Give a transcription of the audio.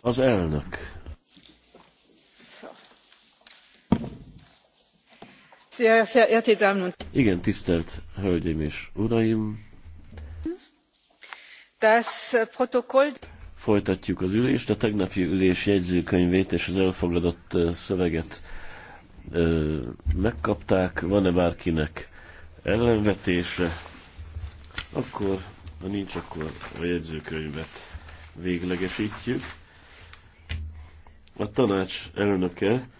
Az elnök. Igen, tisztelt Hölgyeim és Uraim! Äh, Protokoll... Folytatjuk az ülést. A tegnapi ülés jegyzőkönyvét és az elfogadott szöveget ö, megkapták. Van-e bárkinek ellenvetése? Akkor ha nincs, akkor a jegyzőkönyvet véglegesítjük. A tanács elnöke